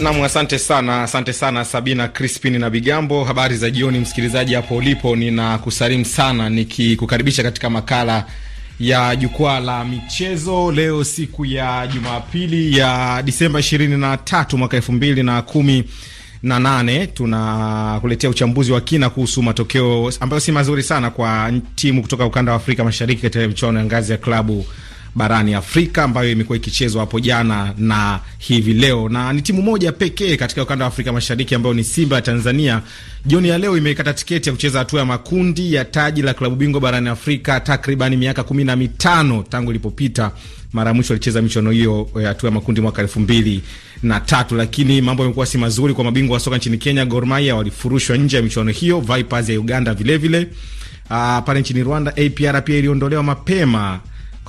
Nam, asante sana, asante sana Sabina Crispin na Bigambo. Habari za jioni, msikilizaji hapo ulipo, ninakusalimu sana nikikukaribisha katika makala ya jukwaa la michezo leo siku ya Jumapili ya Disemba 23 mwaka 2018. Tunakuletea uchambuzi wa kina kuhusu matokeo ambayo si mazuri sana kwa timu kutoka ukanda wa Afrika Mashariki katika michuano ya ngazi ya klabu barani Afrika ambayo imekuwa ikichezwa hapo jana na hivi leo, na ni timu moja pekee katika ukanda wa Afrika Mashariki ambayo ni Simba ya Tanzania, jioni ya leo imekata tiketi ya kucheza hatua ya makundi ya taji la klabu bingwa barani Afrika, takriban miaka kumi na mitano tangu ilipopita mara ya mwisho alicheza michuano hiyo ya eh, hatua ya makundi mwaka elfu mbili na tatu, lakini mambo yamekuwa si mazuri kwa mabingwa wa soka nchini Kenya. Gor Mahia walifurushwa nje ya michuano hiyo, Vipers ya Uganda vilevile vile. Uh, pale nchini Rwanda APR pia iliondolewa mapema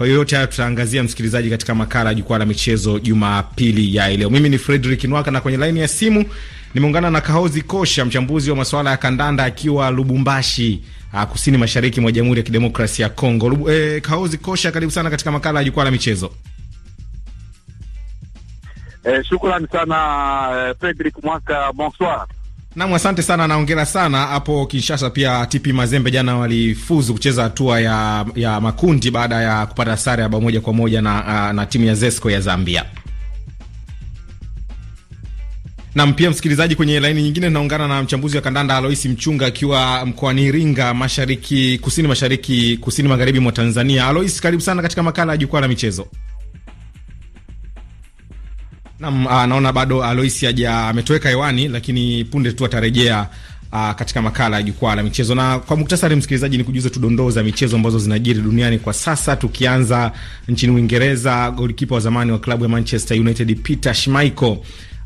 kwa hiyo yote haya tutaangazia, msikilizaji, katika makala ya jukwaa la michezo Jumapili ya leo. Mimi ni Fredrick Nwaka na kwenye laini ya simu nimeungana na Kahozi Kosha, mchambuzi wa masuala ya kandanda akiwa Lubumbashi, ah, kusini mashariki mwa Jamhuri ya Kidemokrasia ya Kongo. Eh, Kahozi Kosha, karibu sana katika makala ya jukwaa la michezo. Eh, shukrani sana eh, Fredrick Mwaka, bonsoir. Nam, asante sana naongera sana hapo Kinshasa. Pia TP Mazembe jana walifuzu kucheza hatua ya, ya makundi baada ya kupata sare ya bao moja kwa moja na, ah, na timu ya Zesco ya Zambia. Nam, pia msikilizaji, kwenye laini nyingine naungana na mchambuzi wa kandanda Aloisi Mchunga akiwa mkoani Iringa, mashariki kusini, mashariki kusini magharibi mwa Tanzania. Alois, karibu sana katika makala ya jukwaa la michezo. Naam, ah, naona bado Aloisi haja ametoweka hewani, lakini punde tu atarejea Uh, katika makala ya jukwaa la michezo. Na kwa muktasari, msikilizaji, ni kujuza tudondoo za michezo ambazo zinajiri duniani kwa sasa, tukianza nchini Uingereza. Golikipa wa zamani wa klabu ya Manchester United Peter Schmeichel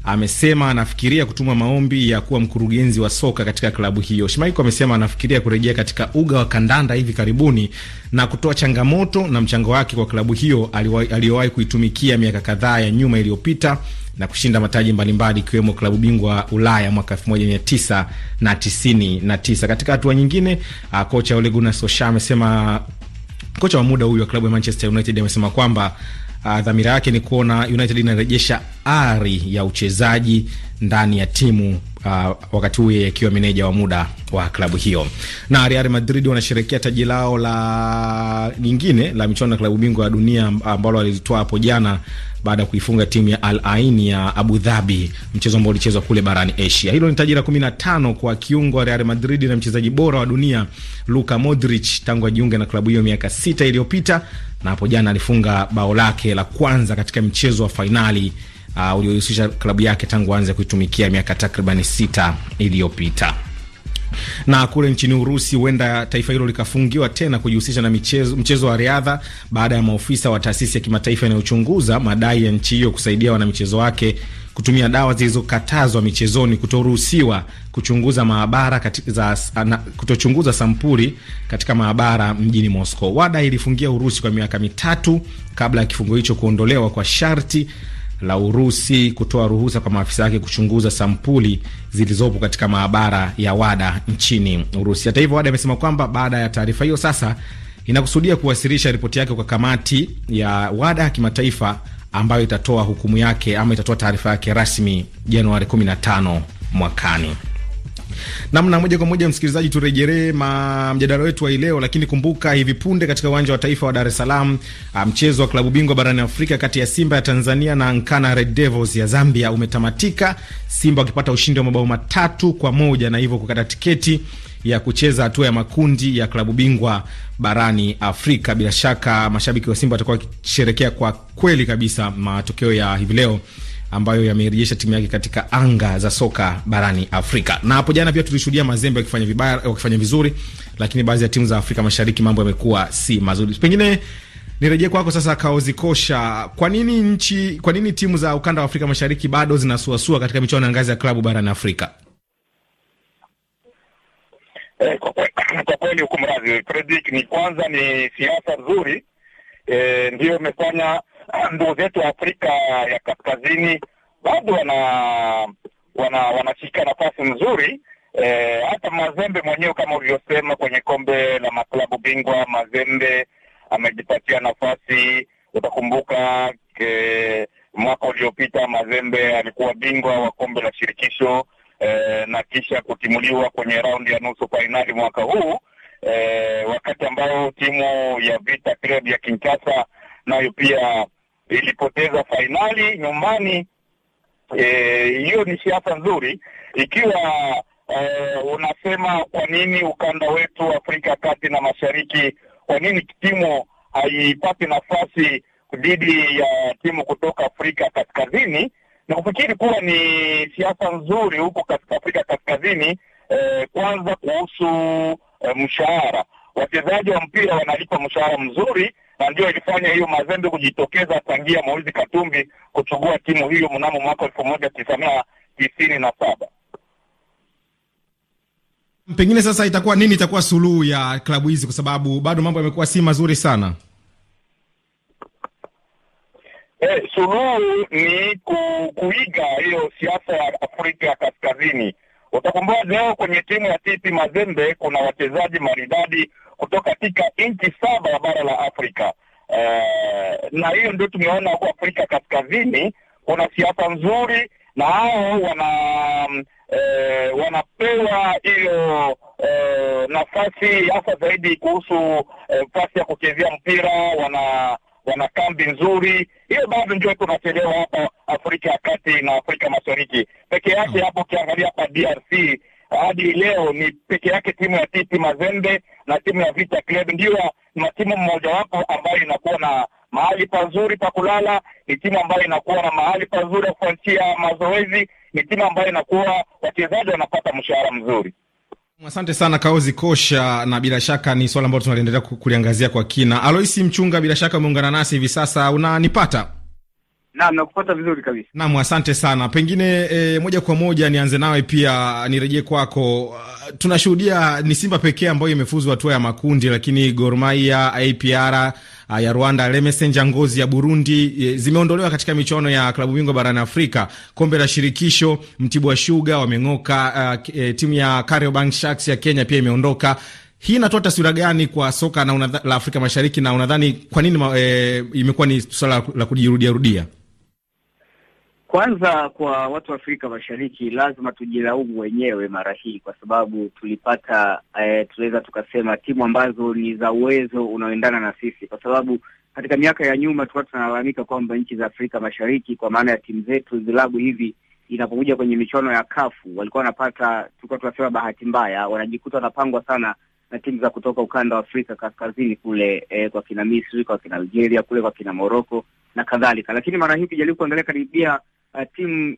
amesema anafikiria kutuma maombi ya kuwa mkurugenzi wa soka katika klabu hiyo. Shimaiko amesema anafikiria kurejea katika uga wa kandanda hivi karibuni na kutoa changamoto na mchango wake kwa klabu hiyo aliyowahi kuitumikia miaka kadhaa ya nyuma iliyopita na kushinda mataji mbalimbali ikiwemo klabu bingwa Ulaya mwaka 1999. Katika hatua nyingine, uh, kocha Ole Gunnar Solskjaer amesema, kocha wa muda huyu wa klabu ya Manchester United amesema kwamba Ah, dhamira yake ni kuona United inarejesha ari ya uchezaji ndani ya timu uh, wakati huu yeye akiwa meneja wa muda wa klabu hiyo. Na Real Madrid wanasherekea taji lao la nyingine la michuano ya klabu bingwa ya dunia ambalo walilitoa hapo jana baada ya kuifunga timu ya Al Ain ya Abu Dhabi, mchezo ambao ulichezwa kule barani Asia. Hilo ni tajira 15 kwa kiungo wa Real Madrid na mchezaji bora wa dunia Luka Modric tangu ajiunge na klabu hiyo miaka sita iliyopita, na hapo jana alifunga bao lake la kwanza katika mchezo wa fainali uh, uliohusisha klabu yake tangu aanze kuitumikia miaka takribani sita iliyopita. Na kule nchini Urusi, huenda taifa hilo likafungiwa tena kujihusisha na michezo, mchezo wa riadha baada ya maofisa wa taasisi ya kimataifa inayochunguza madai ya nchi hiyo kusaidia wanamichezo wake kutumia dawa zilizokatazwa michezoni kutoruhusiwa kuchunguza maabara katika, kutochunguza sampuli katika maabara mjini Moscow. WADA ilifungia Urusi kwa miaka mitatu kabla ya kifungo hicho kuondolewa kwa sharti la Urusi kutoa ruhusa kwa maafisa wake kuchunguza sampuli zilizopo katika maabara ya WADA nchini Urusi. Hata hivyo, WADA imesema kwamba baada ya taarifa hiyo sasa inakusudia kuwasilisha ripoti yake kwa kamati ya WADA ya kimataifa ambayo itatoa hukumu yake ama itatoa taarifa yake rasmi Januari 15 mwakani. Namna moja kwa moja, msikilizaji, turejelee mjadala wetu wa leo, lakini kumbuka, hivi punde katika uwanja wa taifa wa Dar es Salaam, ah, mchezo wa klabu bingwa barani Afrika kati ya Simba ya Tanzania na Nkana Red Devils ya Zambia umetamatika, Simba wakipata ushindi wa mabao matatu kwa moja na hivyo kukata tiketi ya kucheza hatua ya makundi ya klabu bingwa barani Afrika. Bila shaka mashabiki wa Simba watakuwa wakisherekea kwa kweli kabisa matokeo ya hivi leo ambayo yamerejesha timu yake katika anga za soka barani Afrika. Na hapo jana pia tulishuhudia Mazembe wakifanya vibaya, wakifanya vizuri, lakini baadhi ya timu za Afrika Mashariki mambo yamekuwa si mazuri. Pengine nirejee kwako sasa, Kaozi Kosha, kwa nini nchi, kwa nini timu za ukanda wa Afrika Mashariki bado zinasuasua katika michuano ya ngazi ya klabu barani Afrika? Eh, kwa kweli huku mradhi Fredrick, ni kwanza ni siasa nzuri eh, ndiyo imefanya ndugu zetu wa Afrika ya kaskazini bado wana wana wanashika nafasi nzuri e, hata Mazembe mwenyewe kama ulivyosema kwenye kombe la maklabu bingwa Mazembe amejipatia nafasi. Utakumbuka ke, mwaka uliopita Mazembe alikuwa bingwa wa kombe la shirikisho e, na kisha kutimuliwa kwenye raundi ya nusu fainali mwaka huu e, wakati ambao timu ya Vita Club ya Kinshasa nayo pia ilipoteza fainali nyumbani. E, hiyo e, ni siasa nzuri ikiwa e, unasema kwa nini ukanda wetu Afrika kati na mashariki, kwa nini timu haipati nafasi dhidi ya timu kutoka Afrika kaskazini, na kufikiri kuwa ni siasa nzuri huko katika Afrika kaskazini. E, kwanza kuhusu e, mshahara, wachezaji wa mpira wanalipa mshahara mzuri na ndio ilifanya hiyo Mazembe kujitokeza tangia Moizi Katumbi kuchugua timu hiyo mnamo mwaka elfu moja tisa mia tisini na saba. Pengine sasa itakuwa nini, itakuwa suluhu ya klabu hizi, kwa sababu bado mambo yamekuwa si mazuri sana. E, suluhu ni ku, kuiga hiyo siasa ya Afrika ya Kaskazini utakumbua leo kwenye timu ya TP Mazembe kuna wachezaji maridadi kutoka katika nchi saba ya bara la Afrika. E, na hiyo ndio tumeona huko Afrika Kaskazini kuna siasa nzuri na hao wana e, wanapewa hiyo e, nafasi hasa zaidi kuhusu nafasi e, ya kuchezea mpira wana wana kambi nzuri. Hiyo bado ndio tunachelewa hapa Afrika ya Kati na Afrika Mashariki peke yake. Mm. Hapo ukiangalia hapa DRC hadi leo ni peke yake timu ya TP Mazembe na timu ya Vita Club ndio na timu mmojawapo ambayo inakuwa na mahali pazuri pa kulala, ni timu ambayo inakuwa na mahali pazuri ya kufanyia mazoezi, ni timu ambayo inakuwa wachezaji wanapata mshahara mzuri. Asante sana Kaozi Kosha, na bila shaka ni swala ambalo tunaliendelea kuliangazia kwa kina. Aloisi Mchunga, bila shaka umeungana nasi hivi sasa, unanipata? Naam, nakupata vizuri kabisa. Naam, asante sana. Pengine e, moja kwa moja nianze nawe, pia nirejee kwako tunashuhudia ni Simba pekee ambayo imefuzu hatua ya makundi, lakini Gor Mahia, APR uh, ya Rwanda, Lemesenja Ngozi ya Burundi eh, zimeondolewa katika michuano ya klabu bingwa barani Afrika, kombe la shirikisho. Mtibwa Sugar wameng'oka, uh, eh, timu ya Kariobangi Sharks ya Kenya pia imeondoka. Hii inatoa taswira gani kwa soka na la Afrika Mashariki, na unadhani kwa nini e, imekuwa ni swala la kujirudiarudia? Kwanza kwa watu wa Afrika Mashariki, lazima tujilaumu wenyewe mara hii, kwa sababu tulipata eh, tunaweza tukasema timu ambazo ni za uwezo unaoendana na sisi, kwa sababu katika miaka ya nyuma tulikuwa tunalalamika kwamba nchi za Afrika Mashariki, kwa maana ya timu zetu, vilabu hivi inapokuja kwenye michuano ya kafu walikuwa wanapata, tulikuwa tunasema bahati mbaya, wanajikuta wanapangwa sana na timu za kutoka ukanda wa Afrika kaskazini kule, eh, kwa kina Misri, kwa kina Algeria kule, kwa kina Moroko na kadhalika. Lakini mara hii tujaribu kuangalia karibia uh, timu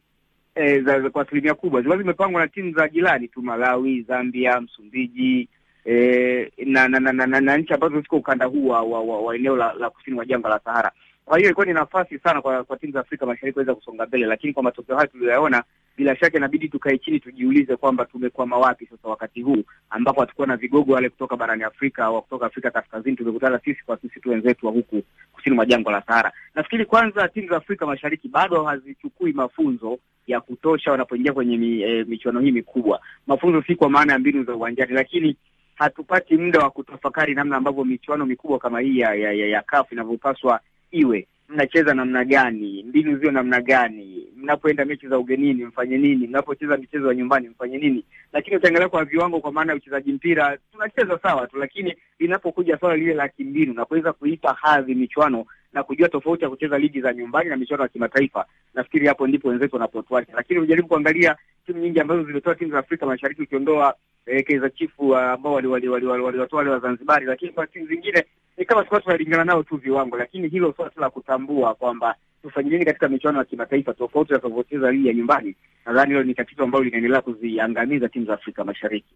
eh, za, za, kwa asilimia kubwa zilikuwa zimepangwa na timu za jirani tu Malawi, Zambia, Msumbiji eh, na, na, na, na, na, na nchi ambazo ziko ukanda huu wa, wa, wa, wa eneo la, la kusini wa jangwa la Sahara. Kwa hiyo ilikuwa ni nafasi sana kwa, kwa timu za Afrika Mashariki kuweza kusonga mbele, lakini kwa matokeo hayo tuliyoyaona, bila shaka inabidi tukae chini tujiulize kwamba tumekwama wapi sasa wakati huu ambapo hatukuwa na vigogo wale kutoka barani Afrika au kutoka Afrika Kaskazini. Tumekutana sisi kwa sisi tu wenzetu wa huku kusini mwa jangwa la Sahara. Nafikiri kwanza timu za Afrika Mashariki bado hazichukui mafunzo ya kutosha wanapoingia kwenye mi, e, michuano hii mikubwa. Mafunzo si kwa maana ya mbinu za uwanjani, lakini hatupati muda wa kutafakari namna ambavyo michuano mikubwa kama hii ya, ya, ya, ya kafu inavyopaswa iwe mnacheza namna gani, mbinu zio namna gani, mnapoenda mechi za ugenini mfanye nini, mnapocheza michezo ya nyumbani mfanye nini. Lakini ukiangalia kwa viwango, kwa maana ya uchezaji mpira tunacheza sawa tu, lakini linapokuja swala lile la kimbinu na kuweza kuipa hadhi michuano na kujua tofauti ya kucheza ligi za nyumbani na michuano ya kimataifa. Nafikiri hapo ndipo wenzetu wanapotuacha, lakini ujaribu kuangalia timu nyingi ambazo zimetoa timu za Afrika Mashariki ukiondoa eh, Kaizer Chiefs uh, ambao waliwatoa wale Wazanzibari, lakini kwa timu zingine ni kama tulikuwa tunalingana nao tu viwango, lakini hilo swala la kutambua kwamba tusajilieni katika michuano ya kimataifa tofauti na tunavyocheza hii ya nyumbani. Nadhani hilo ni tatizo ambalo linaendelea kuziangamiza timu za Afrika Mashariki.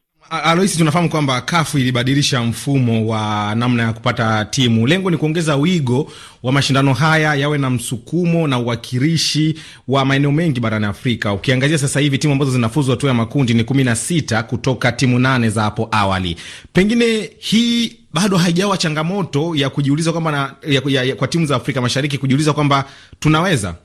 Aloisi, tunafahamu kwamba kafu ilibadilisha mfumo wa namna ya kupata timu. Lengo ni kuongeza wigo wa mashindano haya yawe na msukumo na uwakilishi wa maeneo mengi barani Afrika. Ukiangazia sasa hivi timu ambazo zinafuzwa hatua ya makundi ni kumi na sita kutoka timu nane za hapo awali, pengine hii bado haijawa changamoto ya kujiuliza kwamba kwa timu za Afrika Mashariki kujiuliza kwamba tunaweza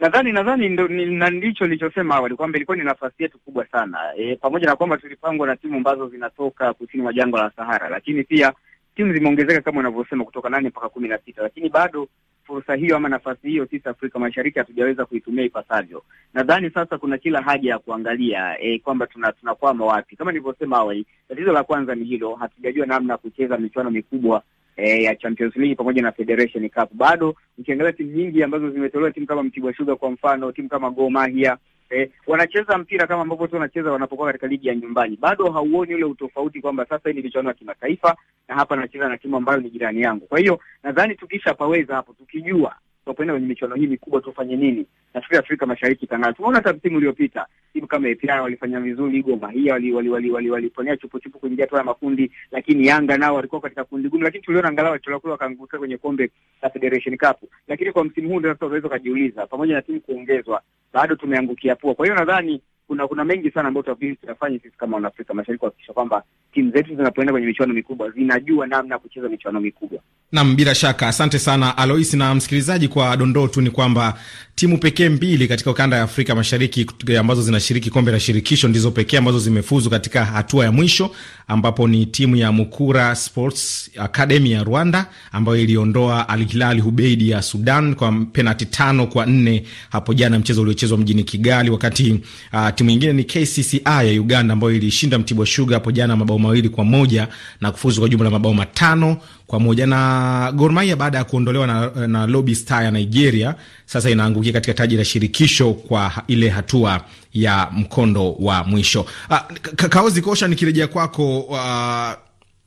nadhani nadhani ndo na ndicho nilichosema awali kwamba ilikuwa ni nafasi yetu kubwa sana e, pamoja na kwamba tulipangwa na timu ambazo zinatoka kusini mwa jangwa la Sahara, lakini pia timu zimeongezeka kama unavyosema kutoka nane mpaka kumi na sita, lakini bado fursa hiyo ama nafasi hiyo sisi Afrika Mashariki hatujaweza kuitumia ipasavyo. Nadhani sasa kuna kila haja ya kuangalia e, kwamba tunakwama tuna wapi. Kama nilivyosema awali, tatizo la kwanza ni hilo, hatujajua namna ya kucheza michuano mikubwa e, ya Champions League pamoja na Federation Cup. Bado ukiangalia timu nyingi ambazo zimetolewa, timu kama Mtibwa Sugar kwa mfano, timu kama Gor Mahia eh, wanacheza mpira kama ambavyo tu wanacheza wanapokuwa katika ligi ya nyumbani. Bado hauoni ule utofauti kwamba sasa hii ni michuano ya kimataifa na hapa nacheza na timu ambayo ni jirani yangu. Kwa hiyo nadhani tukisha paweza hapo, tukijua tunapoenda kwenye michuano hii mikubwa tufanye nini? Nafikiri Afrika Mashariki kang'aa. Tumeona hata msimu uliopita timu kama APR walifanya vizuri, Goma Mahia waliponea wali, wali, wali, wali, chupuchupu kuingia hatua ya makundi, lakini Yanga nao walikuwa katika kundi gumu, lakini tuliona angalau walitoka kule wakaanguka kwenye kombe la Federation Cup. Lakini kwa msimu huu ndio sasa unaweza ukajiuliza, pamoja na timu kuongezwa, bado tumeangukia pua. Kwa hiyo nadhani kuna kuna mengi sana ambayo tutabidi sisi kama Wanaafrika Mashariki kuhakikisha kwamba timu zetu zinapoenda kwenye michuano mikubwa zinajua namna ya kucheza michuano mikubwa. Naam, bila shaka, asante sana Alois. Na msikilizaji, kwa dondoo tu ni kwamba timu pekee mbili katika ukanda ya Afrika Mashariki ambazo zinashiriki kombe la shirikisho ndizo pekee ambazo zimefuzu katika hatua ya mwisho, ambapo ni timu ya Mukura Sports Academy ya Rwanda ambayo iliondoa Al Hilal Hubeidi ya Sudan kwa penati tano kwa nne hapo jana, mchezo uliochezwa mjini Kigali, wakati uh, timu nyingine ni KCCI ya Uganda ambayo ilishinda Mtibwa Sugar hapo jana mabao mawili kwa moja na kufuzu kwa jumla mabao matano kwa moja. Na Gor Mahia baada ya kuondolewa na, na Lobi Star ya Nigeria, sasa inaangukia katika taji la shirikisho kwa ile hatua ya mkondo wa mwisho. Ah, Kaozi Kosha, nikirejea kwako ah,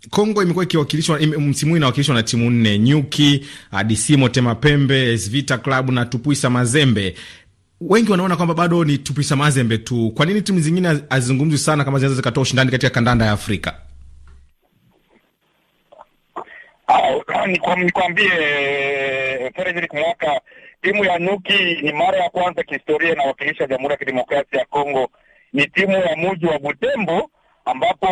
Kongo imekuwa ikiwakilishwa msimu huu inawakilishwa na timu nne: Nyuki, ah, DC Motema Pembe, Svita Vita Club na Tupuisa Mazembe. Wengi wanaona kwamba bado ni Tupuisa Mazembe tu. Kwa nini timu zingine hazizungumzwi sana kama zinaweza zikatoa ushindani katika kandanda ya Afrika? Ah, Nikwambie eh, Frederick Mwaka, timu ya nyuki ni mara ya kwanza kihistoria inawakilisha Jamhuri ya Kidemokrasia ya Kongo. Ni timu ya muji wa Butembo, ambapo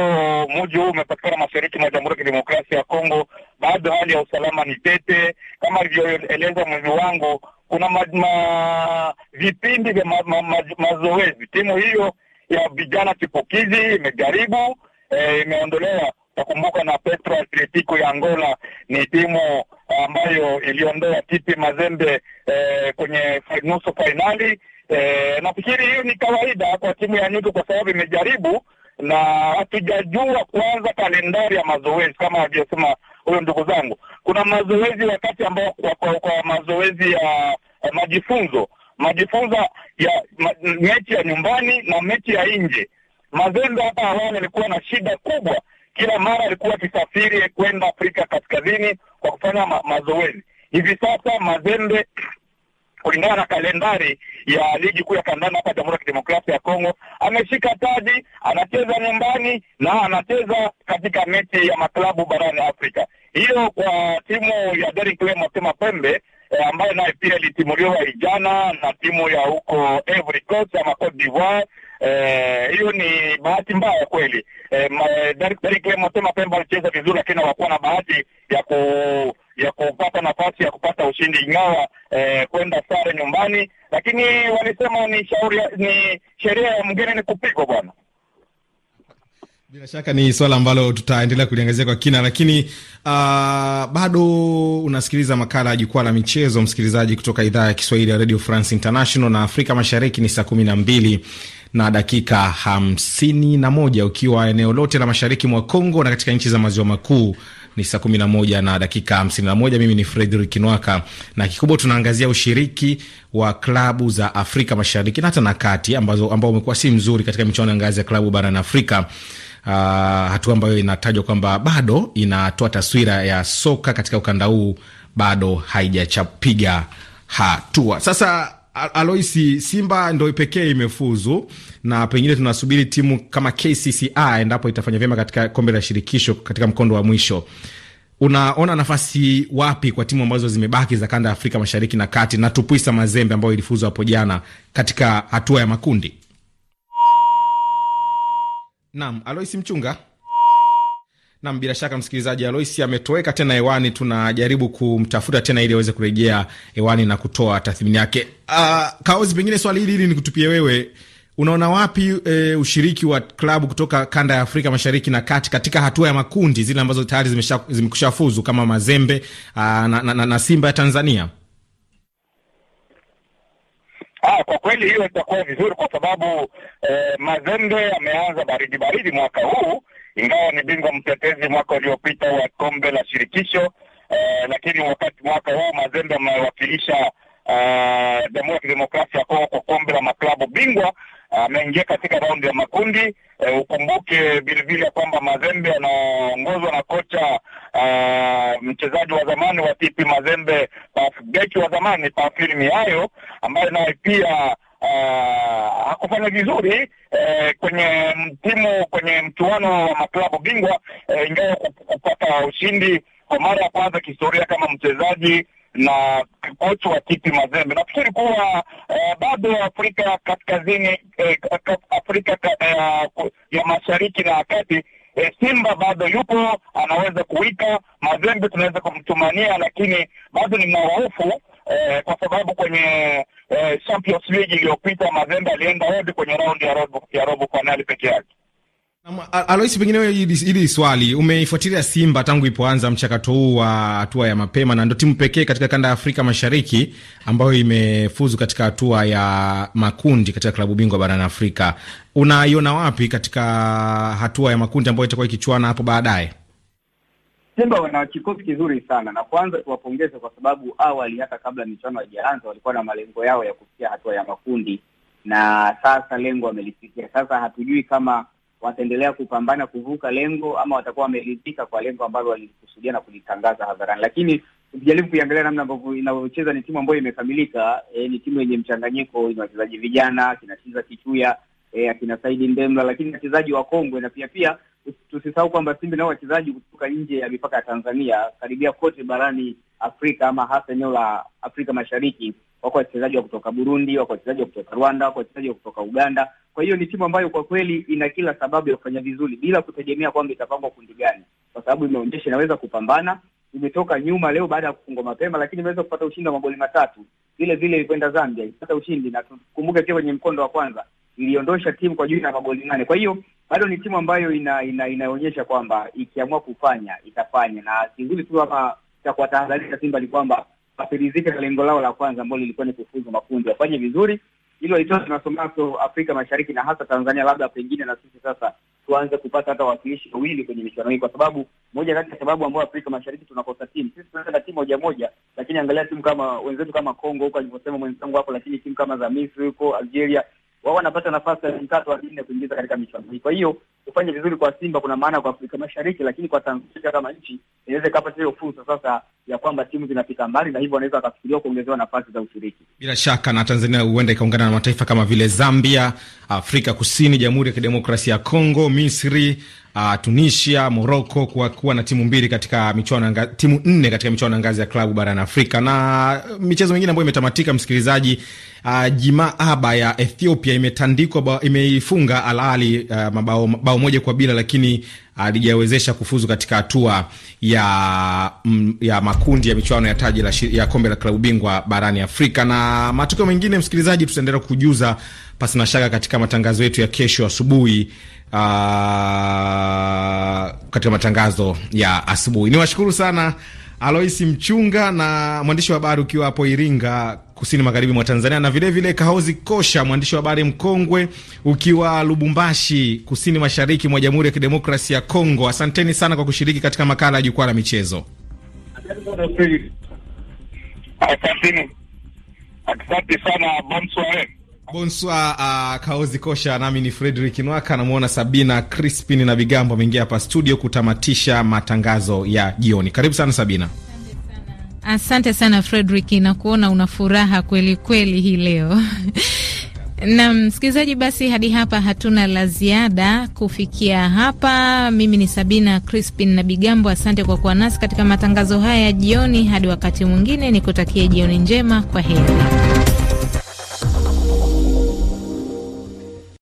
muji huu umepatikana mashariki mwa Jamhuri ya Kidemokrasia ya Kongo. Bado hali ya usalama ni tete, kama alivyoeleza mwezi wangu. Kuna ma, ma, vipindi vya ma, ma, ma, mazoezi. Timu hiyo ya vijana chipukizi imejaribu, eh, imeondolewa Nakumbuka na Petro Atletico ya Angola ni timu ambayo iliondoa tipi Mazembe eh, kwenye nusu fainali. Eh, nafikiri hiyo ni kawaida kwa timu ya Nyuki kwa sababu imejaribu na hatujajua kuanza kalendari ya mazoezi kama alivyosema huyo ndugu zangu. Kuna mazoezi wakati ambao kwa, kwa, kwa mazoezi ya, ya majifunzo majifunzo ya ma, mechi ya nyumbani na mechi ya nje. Mazembe hapa awali alikuwa na shida kubwa kila mara alikuwa akisafiri kwenda Afrika Kaskazini kwa kufanya ma mazoezi. Hivi sasa Mazembe kulingana na kalendari ya ligi kuu ya kandanda hapa Jamhuri ya Kidemokrasia ya Kongo, ameshika taji, anacheza nyumbani na anacheza katika mechi ya maklabu barani Afrika. Hiyo kwa timu ya Daring Club Motema Pembe eh, ambayo naye pia ilitimuliwa ijana na timu ya huko Ivory Coast ama Cote d'Ivoire Eh, hiyo eh, ni bahati mbaya kweli. Eh, Pemba alicheza vizuri, lakini hawakuwa na bahati ya ku ya kupata nafasi ya kupata ushindi, ingawa eh, kwenda sare nyumbani, lakini walisema ni shauri, ni sheria ya mgeni ni kupigwa bwana. Bila shaka ni swala ambalo tutaendelea kuliangazia kwa kina, lakini uh, bado unasikiliza makala ya jukwaa la michezo, msikilizaji, kutoka idhaa ya Kiswahili ya Radio France International, na Afrika Mashariki ni saa kumi na mbili na dakika hamsini na moja ukiwa eneo lote la mashariki mwa Congo na katika nchi za maziwa makuu ni saa kumi na moja na dakika hamsini na moja. Mimi ni Fredrik Nwaka na kikubwa tunaangazia ushiriki wa klabu za Afrika Mashariki na hata na kati ambazo ambao umekuwa si mzuri katika michuano ya ngazi ya klabu barani Afrika. Uh, hatua ambayo inatajwa kwamba bado inatoa taswira ya soka katika ukanda huu bado haijachapiga hatua sasa Aloisi, Simba ndo pekee imefuzu na pengine tunasubiri timu kama kcc endapo itafanya vyema katika kombe la shirikisho katika mkondo wa mwisho. Unaona nafasi wapi kwa timu ambazo zimebaki za kanda ya Afrika Mashariki na Kati na Tupuisa Mazembe ambayo ilifuzu hapo jana katika hatua ya makundi? Naam, Aloisi Mchunga. Nam, bila shaka msikilizaji, Aloisi ametoweka tena hewani. Tunajaribu kumtafuta tena ili aweze kurejea hewani na kutoa tathmini yake. Uh, Kaozi, pengine swali hili hili nikutupie wewe, unaona wapi e, ushiriki wa klabu kutoka kanda ya Afrika Mashariki na Kati katika hatua ya makundi zile ambazo tayari zimekusha fuzu kama Mazembe uh, na, na, na, na Simba ya Tanzania? Ah, kwa kweli hiyo itakuwa vizuri kwa sababu eh, Mazembe ameanza baridi baridi mwaka huu ingawa ni bingwa mtetezi mwaka uliopita wa kombe la shirikisho eh, lakini wakati mwaka huu Mazembe amewakilisha eh, Jamhuri uh, ya Kidemokrasia ya Kongo kwa kombe la maklabu bingwa ameingia uh, katika raundi ya makundi uh, ukumbuke vilevile ya kwamba Mazembe anaongozwa na kocha uh, mchezaji wa zamani wa tipi Mazembe beki wa zamani Pafilmi hayo ambaye naye pia uh, hakufanya vizuri uh, kwenye timu kwenye mchuano wa maklabu bingwa uh, ingawa kupata ushindi kwa mara ya kwanza kihistoria kama mchezaji na kocha wa TP Mazembe. Nafikiri kuwa uh, bado Afrika kaskazini uh, Afrika uh, ya mashariki na kati E, Simba bado yupo, anaweza kuwika. Mazembe tunaweza kumtumania, lakini bado ni hofu eh, kwa sababu kwenye eh, Champions League iliyopita Mazembe alienda hodi kwenye raundi ya robo ya robo finali peke yake. Aloisi, pengine wewe hili swali umeifuatilia Simba tangu ipoanza mchakato huu wa hatua ya mapema, na ndio timu pekee katika kanda ya Afrika Mashariki ambayo imefuzu katika hatua ya makundi katika klabu bingwa barani Afrika. Unaiona wapi katika hatua ya makundi ambayo itakuwa ikichuana hapo baadaye? Simba wana kikosi kizuri sana, na kwanza tuwapongeze kwa sababu awali, hata kabla michuano haijaanza, walikuwa na malengo yao ya kufikia hatua ya makundi, na sasa lengo wamelifikia. Sasa hatujui kama wataendelea kupambana kuvuka lengo ama watakuwa wameridhika kwa lengo ambalo walikusudia na kulitangaza hadharani, lakini ukijaribu kuiangalia namna ambavyo inavyocheza ni timu ambayo imekamilika. E, ni timu yenye mchanganyiko, ina wachezaji vijana, kinacheza kichuya e, akina Saidi Ndemla, lakini wachezaji wa Kongwe na pia pia tusisahau kwamba Simba nao wachezaji kutoka nje ya mipaka ya Tanzania karibia kote barani Afrika ama hasa eneo la Afrika Mashariki. Wako wachezaji wa kutoka Burundi, wako wachezaji wa kutoka Rwanda, wako wachezaji wa kutoka Uganda. Kwa hiyo ni timu ambayo kwa kweli ina kila sababu ya kufanya vizuri bila kutegemea kwamba itapangwa kundi gani, kwa sababu imeonyesha inaweza kupambana. Imetoka nyuma leo baada ya kufungwa mapema, lakini imeweza kupata ushindi wa magoli matatu. Vile vile ilikwenda Zambia, ilipata ushindi, na tukumbuke pia kwenye mkondo wa kwanza iliondosha timu kwa jumla ya magoli nane. Kwa hiyo bado ni timu ambayo ina, ina, inaonyesha kwamba ikiamua kufanya itafanya, na kizuri tu hapa cha kuwatahadharisha Simba ni kwamba wafirizike na lengo lao la kwanza ambalo lilikuwa ni kufuzu makundi, wafanye vizuri ili walitoa masomaso Afrika Mashariki na hasa Tanzania, labda pengine na sisi sasa tuanze kupata hata wawakilishi wawili kwenye michuano hii, kwa sababu moja kati ya sababu ambayo Afrika Mashariki tunakosa timu, sisi tunaenda na timu moja moja, lakini angalia timu kama wenzetu kama Kongo huko alivyosema mwenzangu hapo, lakini timu kama za Misri huko, Algeria wao wanapata nafasi ya mtatu wa nne kuingiza katika michuano hii. Kwa hiyo kufanya vizuri kwa Simba kuna maana kwa Afrika Mashariki, lakini kwa Tanzania kama nchi inaweza ikapata hiyo fursa sasa ya kwamba timu zinafika mbali, na hivyo wanaweza wakafikiriwa kuongezewa nafasi za ushiriki. Bila shaka na Tanzania huenda ikaungana na mataifa kama vile Zambia, Afrika Kusini, Jamhuri ya Kidemokrasia ya Kongo, Misri uh, Tunisia, Morocco kwa kuwa na timu mbili katika michuano, timu nne katika michuano ya ngazi ya klabu barani Afrika. Na uh, michezo mingine ambayo imetamatika, msikilizaji, uh, ah, Jima Aba ya Ethiopia imetandikwa, imeifunga Al Ahly uh, ah, mabao bao moja kwa bila, lakini alijawezesha kufuzu katika hatua ya, mm, ya makundi ya michuano ya taji la, ya kombe la klabu bingwa barani Afrika. Na matokeo mengine msikilizaji, tutaendelea kujuza pasi na shaka katika matangazo yetu ya kesho asubuhi uh, katika matangazo ya asubuhi. Niwashukuru sana Aloisi Mchunga na mwandishi wa habari ukiwa hapo Iringa kusini magharibi mwa Tanzania, na vilevile vile Kahozi Kosha, mwandishi wa habari mkongwe ukiwa Lubumbashi, kusini mashariki mwa Jamhuri ya Kidemokrasia ya Kongo. Asanteni sana kwa kushiriki katika makala ya Jukwaa la Michezo. Asante sana. Bonsoir uh, Kaozi Kosha, nami ni Fredrik Nwaka. Namwona Sabina Crispin na Vigambo ameingia hapa studio kutamatisha matangazo ya jioni. Karibu sana Sabina. Asante sana Fredrik, nakuona una furaha kweli kweli hii leo. Na msikilizaji, basi hadi hapa hatuna la ziada. Kufikia hapa, mimi ni Sabina Crispin na Bigambo. Asante kwa kuwa nasi katika matangazo haya ya jioni. Hadi wakati mwingine, nikutakie jioni njema. Kwa heri.